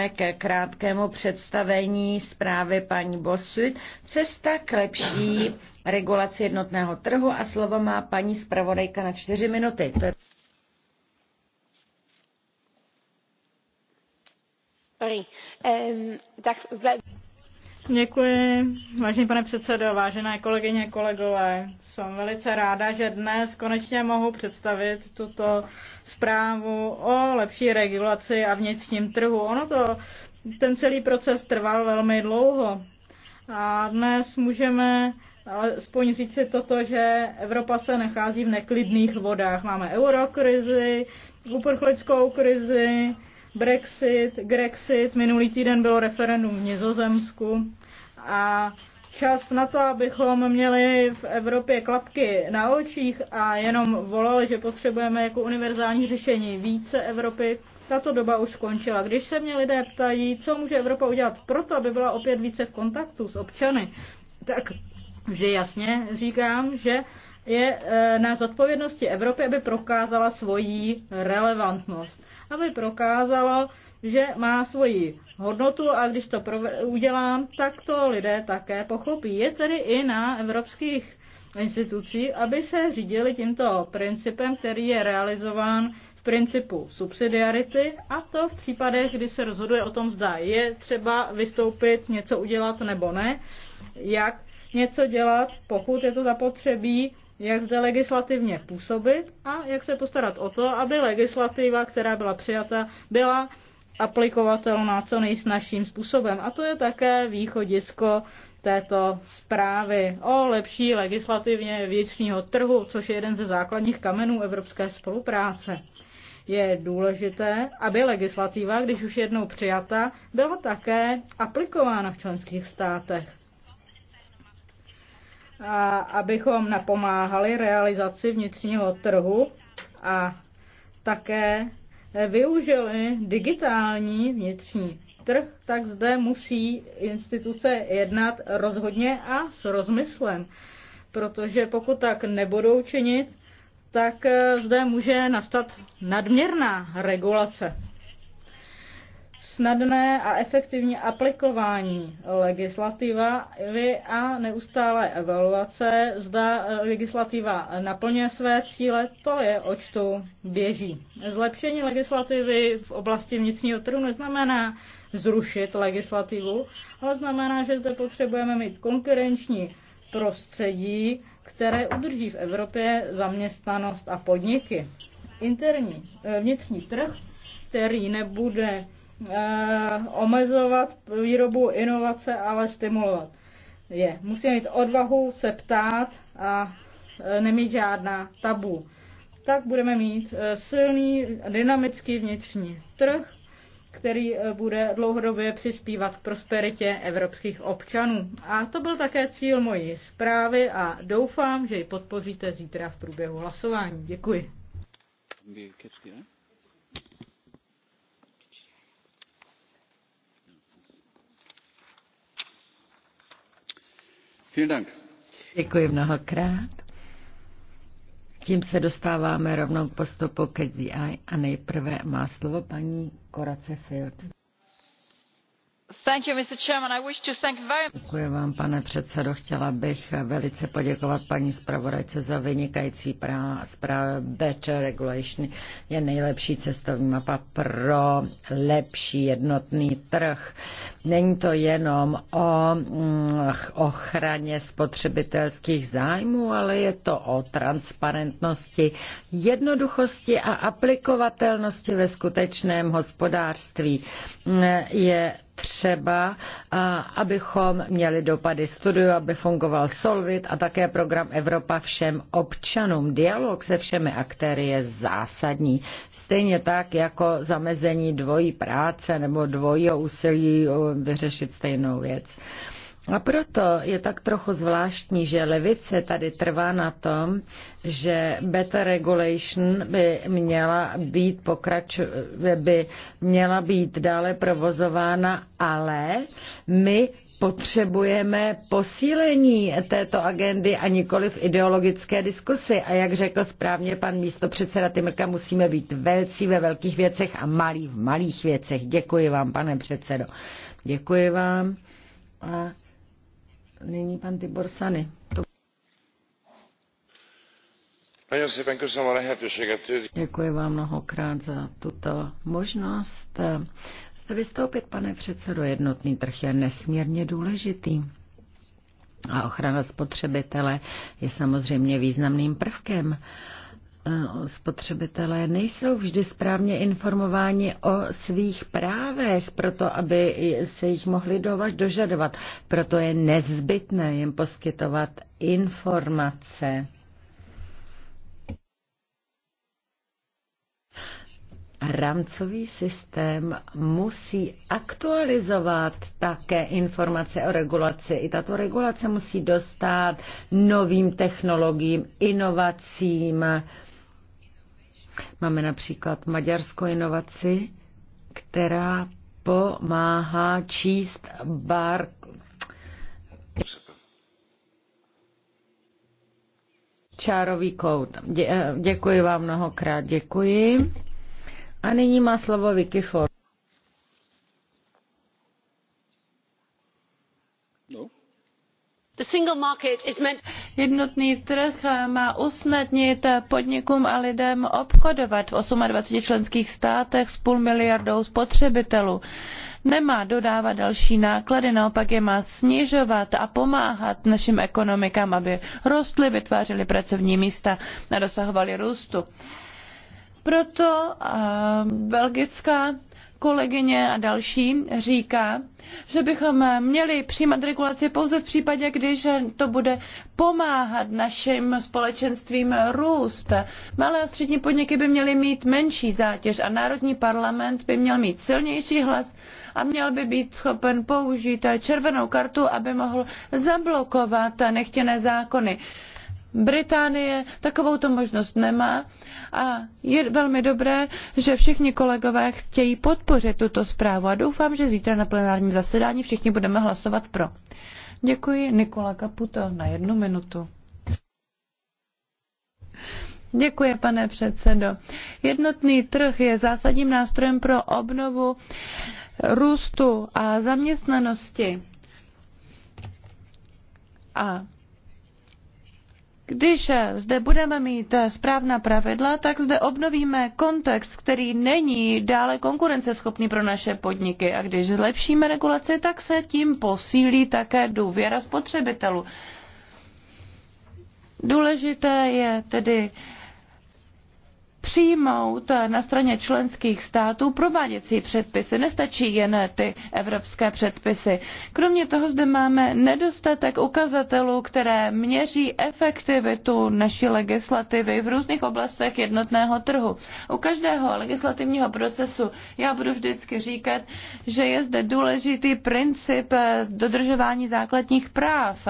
jsme ke krátkému představení zprávy paní Bosud. Cesta k lepší regulaci jednotného trhu a slovo má paní zpravodajka na čtyři minuty. To je... Sorry. Um, tak... Děkuji, vážený pane předsedo, vážené kolegyně, kolegové. Jsem velice ráda, že dnes konečně mohu představit tuto zprávu o lepší regulaci a vnitřním trhu. Ono to, ten celý proces trval velmi dlouho. A dnes můžeme alespoň říct si toto, že Evropa se nachází v neklidných vodách. Máme eurokrizi, uprchlickou krizi, Brexit, Grexit, minulý týden bylo referendum v Nizozemsku a čas na to, abychom měli v Evropě klapky na očích a jenom volali, že potřebujeme jako univerzální řešení více Evropy, tato doba už skončila. Když se mě lidé ptají, co může Evropa udělat proto, aby byla opět více v kontaktu s občany, tak že jasně říkám, že je e, na zodpovědnosti Evropy, aby prokázala svoji relevantnost. Aby prokázala, že má svoji hodnotu a když to udělám, tak to lidé také pochopí. Je tedy i na evropských institucí, aby se řídili tímto principem, který je realizován v principu subsidiarity a to v případech, kdy se rozhoduje o tom, zda je třeba vystoupit, něco udělat nebo ne, jak něco dělat, pokud je to zapotřebí jak zde legislativně působit a jak se postarat o to, aby legislativa, která byla přijata, byla aplikovatelná co nejsnažším způsobem. A to je také východisko této zprávy o lepší legislativně vnitřního trhu, což je jeden ze základních kamenů evropské spolupráce. Je důležité, aby legislativa, když už jednou přijata, byla také aplikována v členských státech a abychom napomáhali realizaci vnitřního trhu a také využili digitální vnitřní trh, tak zde musí instituce jednat rozhodně a s rozmyslem. Protože pokud tak nebudou činit, tak eh, zde může nastat nadměrná regulace snadné a efektivní aplikování legislativy a neustále evaluace, zda eh, legislativa naplňuje své cíle, to je oč tu běží. Zlepšení legislativy v oblasti vnitřního trhu neznamená zrušit legislativu, ale znamená, že zde potřebujeme mít konkurenční prostředí, které udrží v Evropě zaměstnanost a podniky. Interní, eh, vnitřní trh, který nebude Eh, omezovat výrobu inovace, ale stimulovat je. Musíme mít odvahu se ptát a eh, nemít žádná tabu. Tak budeme mít eh, silný, dynamický vnitřní trh, který bude dlouhodobě přispívat k prosperitě evropských občanů. A to byl také cíl mojí zprávy a doufám, že ji podpoříte zítra v průběhu hlasování. Děkuji. Děkuji mnohokrát. Tím se dostáváme rovnou k postupu ke DI a nejprve má slovo paní Korace Field. Děkuji vám, pane předsedající Chtěla bych velice poděkovat paní zpravodajce za vynikající zprávu. Better Regulation je nejlepší cestovní mapa pro lepší jednotný trh. Není to jenom mm, o ochraně spotřebitelských zájmů, ale je to o transparentnosti, jednoduchosti a aplikovatelnosti ve skutečném hospodářství. Mm, je třeba, abychom měli dopady studiu, aby fungoval Solvit a také program Evropa všem občanům. Dialog se všemi aktéry je zásadní. Stejně tak jako zamezení dvojí práce nebo dvojího úsilí vyřešit stejnou věc. A proto je tak trochu zvláštní, že levice tady trvá na tom, že better regulation by měla být, pokraču, by měla být dále provozována, ale my potřebujeme posílení této agendy a nikoli v ideologické diskusy. A jak řekl správně pan místo předseda Tymrka musíme být velcí ve velkých věcech a malí v malých věcech. Děkuji vám, pane předsedo. Děkuji vám. A Nyní pan Tibor Sany. To... Děkuji vám mnohokrát za tuto možnost. Jste vystoupit, pane předsedo, jednotný trh je nesmírně důležitý. A ochrana spotřebitele je samozřejmě významným prvkem. Uh, E, spotřebitelé nejsou vždy správně informováni o svých právech, proto aby se jich mohli dožadovat. Proto je nezbytné jim poskytovat informace. Rámcový systém musí aktualizovat také informace o regulaci. I tato regulace musí dostat novým technologiím, inovacím, Máme například maďarskou inovaci, která pomáhá číst bar. Čárový kout. Dě, děkuji vám mnohokrát, děkuji. A nyní má slovo Vicky Ford. Jednotný trh eh, má usnadnit eh, podnikům a lidem obchodovat v 28 členských státech s půl miliardou spotřebitelů. Nemá dodávat další náklady, naopak je má snižovat a pomáhat našim ekonomikám, aby rostly, vytvářely pracovní místa a dosahovaly růstu. Proto eh, belgická kolegyně a další říká, že bychom měli přijímat regulaci pouze v případě, když to bude pomáhat našim společenstvím růst. Malé a střední podniky by měly mít menší zátěž a Národní parlament by měl mít silnější hlas a měl by být schopen použít červenou kartu, aby mohl zablokovat nechtěné zákony. Británie takovouto možnost nemá a je velmi dobré, že všichni kolegové chtějí podpořit tuto zprávu a doufám, že zítra na plenárním zasedání všichni budeme hlasovat pro. Děkuji Nikola Kaputo na jednu minutu. Děkuji, pane předsedo. Jednotný trh je zásadním nástrojem pro obnovu růstu a zaměstnanosti. A když zde budeme mít správná pravidla, tak zde obnovíme kontext, který není dále konkurenceschopný pro naše podniky. A když zlepšíme regulaci, tak se tím posílí také důvěra spotřebitelů. Důležité je tedy přijmout na straně členských států prováděcí předpisy. Nestačí jen ty evropské předpisy. Kromě toho zde máme nedostatek ukazatelů, které měří efektivitu naší legislativy v různých oblastech jednotného trhu. U každého legislativního procesu já budu vždycky říkat, že je zde důležitý princip dodržování základních práv.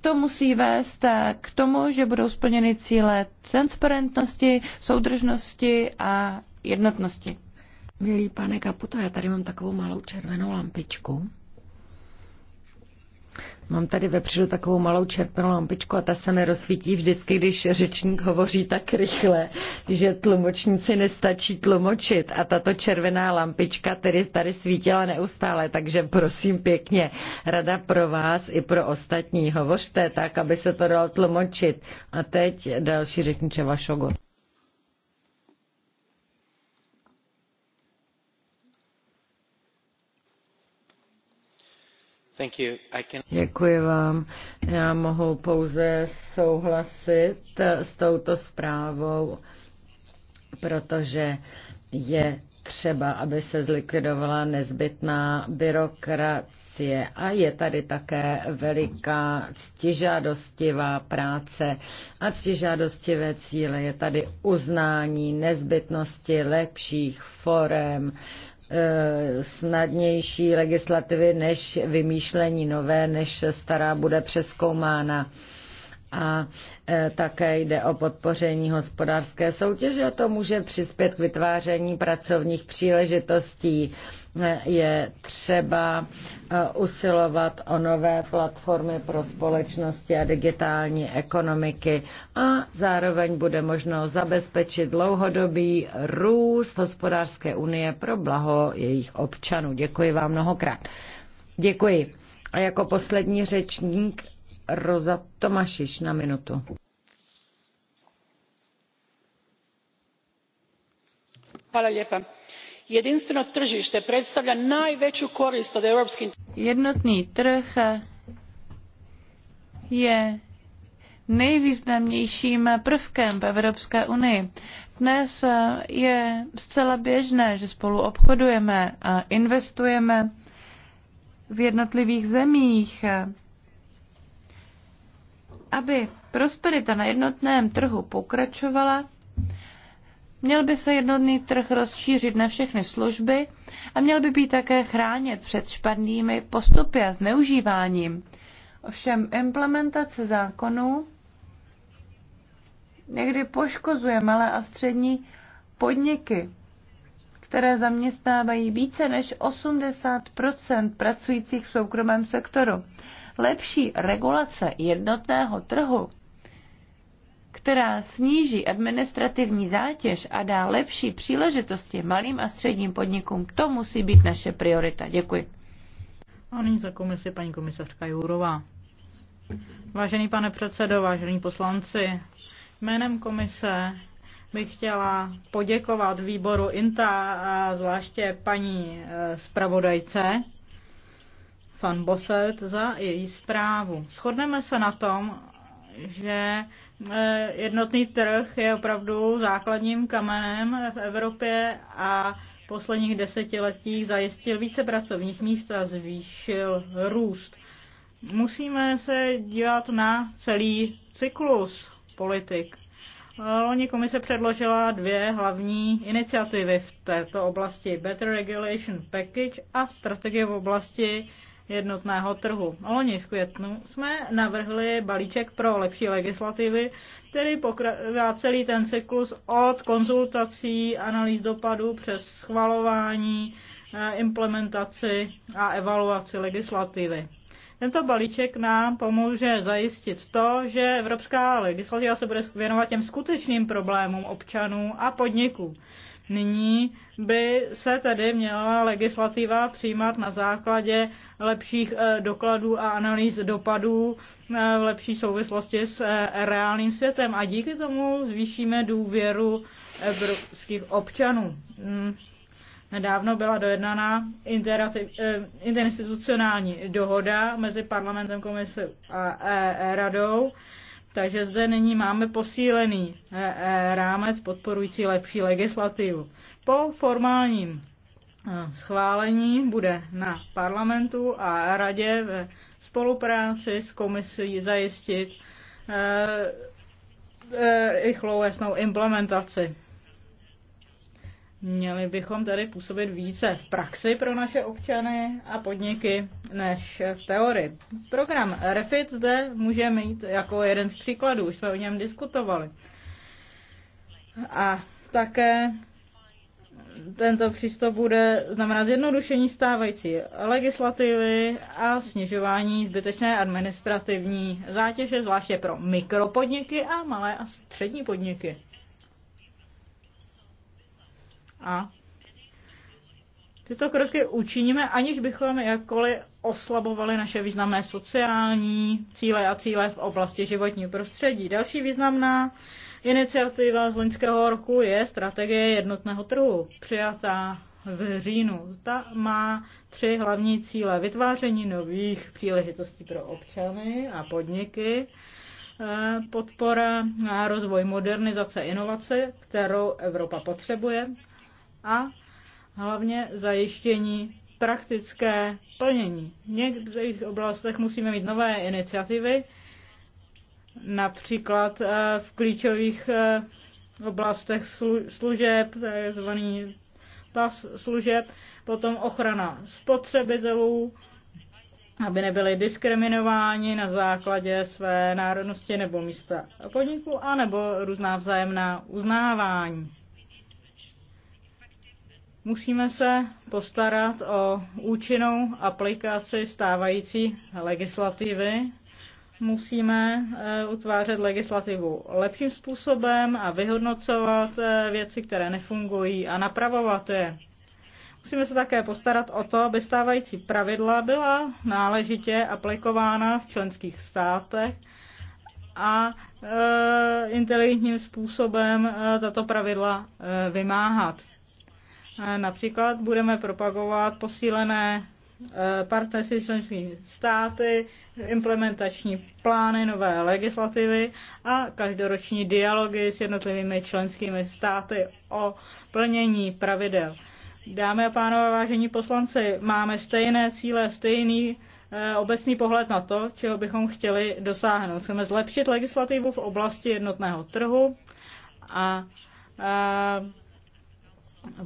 To musí vést eh, k tomu, že budou splněny cíle transparentnosti, soudržnosti a jednotnosti. Milý pane Kaputo, já tady mám takovou malou červenou lampičku. Mám tady vepředu takovou malou červenou lampičku a ta se mi rozsvítí vždycky, když řečník hovoří tak rychle, že tlumočníci nestačí tlumočit. A tato červená lampička tedy tady svítila neustále, takže prosím pěkně, rada pro vás i pro ostatní. Hovořte tak, aby se to dalo tlumočit. A teď další řekniče Vašogo. Děkuji vám. Já mohu pouze souhlasit s touto zprávou, protože je třeba, aby se zlikvidovala nezbytná byrokracie. A je tady také veliká ctižádostivá práce a ctižádostivé cíle. Je tady uznání nezbytnosti lepších forem Eh, snadnější legislativy než vymýšlení nové, než stará bude přeskoumána. A eh, také jde o podpoření hospodářské soutěže a to může přispět k vytváření pracovních příležitostí je třeba eh, usilovat o nové platformy pro společnosti a digitální ekonomiky a zároveň bude možno zabezpečit dlouhodobý růst hospodářské unie pro blaho jejich občanů. Děkuji vám mnohokrát. Děkuji. A jako poslední řečník Roza Tomašiš na minutu. Hvala lijepa jedinstveno tržište predstavlja najveću korist od europskih jednotni trh eh, je nejvýznamnějším prvkem v Evropské unii. Dnes eh, je zcela běžné, že spolu obchodujeme a investujeme v jednotlivých zemích. Eh, aby prosperita na jednotném trhu pokračovala, Měl by se jednotný trh rozšířit na všechny služby a měl by být také chránit před špatnými postupy a zneužíváním. Ovšem implementace zákonů někdy poškozuje malé a střední podniky, které zaměstnávají více než 80 pracujících v soukromém sektoru. Lepší regulace jednotného trhu která sníží administrativní zátěž a dá lepší příležitosti malým a středním podnikům, to musí být naše priorita. Děkuji. A nyní za komisi paní komisařka Jourová. Vážený pane předsedo, vážení poslanci, jménem komise bych chtěla poděkovat výboru INTA a zvláště paní eh, zpravodajce Fan Bosset za její zprávu. Shodneme se na tom, že e, jednotný trh je opravdu základním kamenem v Evropě a v posledních desetiletích zajistil více pracovních míst a zvýšil růst. Musíme se dívat na celý cyklus politik. Loni komise předložila dvě hlavní iniciativy v této oblasti. Better Regulation Package a strategie v oblasti jednotného trhu. Loni v květnu jsme navrhli balíček pro lepší legislativy, který pokrývá celý ten cyklus od konzultací, analýz dopadů přes schvalování, eh, implementaci a evaluaci legislativy. Tento balíček nám pomůže zajistit to, že evropská legislativa se bude věnovat těm skutečným problémům občanů a podniků. Nyní by se tedy měla legislativa přijímat na základě lepších eh, dokladů a analýz dopadů eh, v lepší souvislosti s eh, reálným světem a díky tomu zvýšíme důvěru evropských občanů. Hmm. Nedávno byla dojednaná interinstitucionální dohoda mezi parlamentem, komisí a radou takže zde nyní máme posílený eh, eh, rámec podporující lepší legislativu. Po formálním eh, schválení bude na parlamentu a radě ve spolupráci s komisí zajistit rychlou jasnou implementaci. Měli bychom tady působit více v praxi pro naše občany a podniky než v teorii. Program REFIT zde může mít jako jeden z příkladů, už jsme o něm diskutovali. A také tento přístup bude znamenat zjednodušení stávající legislativy a snižování zbytečné administrativní zátěže, zvláště pro mikropodniky a malé a střední podniky. A tyto kroky učiníme, aniž bychom jakkoliv oslabovali naše významné sociální cíle a cíle v oblasti životního prostředí. Další významná iniciativa z loňského roku je strategie jednotného trhu, přijatá v říjnu. Ta má tři hlavní cíle. Vytváření nových příležitostí pro občany a podniky, eh, podpora a rozvoj modernizace inovace, kterou Evropa potřebuje a hlavně zajištění praktické plnění. V některých oblastech musíme mít nové iniciativy, například eh, v klíčových eh, oblastech služeb, takzvaný pas služeb, potom ochrana spotřebitelů, aby nebyli diskriminováni na základě své národnosti nebo místa podniku, anebo různá vzájemná uznávání. Musíme se postarat o účinnou aplikaci stávající legislativy. Musíme eh, utvářet legislativu lepším způsobem a vyhodnocovat eh, věci, které nefungují a napravovat je. Musíme se také postarat o to, aby stávající pravidla byla náležitě aplikována v členských státech a e, inteligentním způsobem e, tato pravidla e, vymáhat. Například budeme propagovat posílené eh, partnerství s členskými státy, implementační plány nové legislativy a každoroční dialogy s jednotlivými členskými státy o plnění pravidel. Dámy a pánové, vážení poslanci, máme stejné cíle, stejný eh, obecný pohled na to, čeho bychom chtěli dosáhnout. Chceme zlepšit legislativu v oblasti jednotného trhu a, a eh,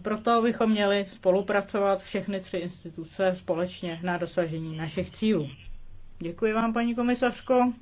proto bychom měli spolupracovat všechny tři instituce společně na dosažení našich cílů. Děkuji vám, paní komisařko.